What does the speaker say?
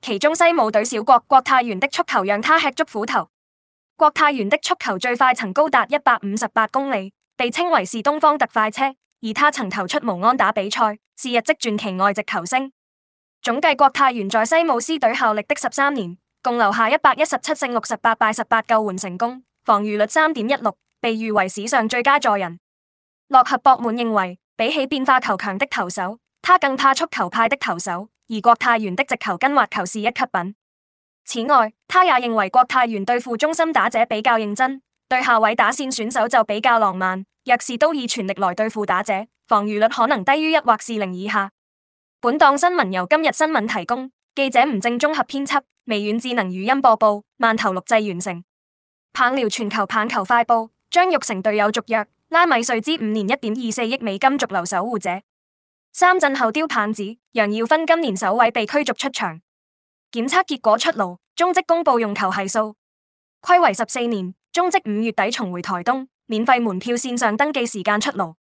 其中西武隊小郭郭泰源的速球讓他吃足苦頭。郭泰源的速球最快曾高達一百五十八公里，被稱為是東方特快車。而他曾投出無安打比賽，是日職傳奇外籍球星。總計郭泰源在西武獅隊效力的十三年，共留下一百一十七勝六十八敗十八救援成功，防禦率三點一六，被譽為史上最佳助人。落合博滿認為，比起變化球強的投手，他更怕速球派的投手。而郭泰源的直球跟滑球是一級品。此外，他也認為郭泰源對付中心打者比較認真，對下位打線選手就比較浪漫。若是都以全力來對付打者，防禦率可能低於一或是零以下。本檔新聞由今日新聞提供，記者吳正綜合編輯，微軟智能語音播報，慢頭錄製完成。棒聊全球棒球快報，張育成隊友續約，拉米瑞茲五年一點二四億美金，續留守護者。三陣後丟棒子，楊耀芬今年首位被驅逐出場。檢測結果出爐，中職公布用球係數，規為十四年。中職五月底重回台東，免費門票線上登記時間出爐。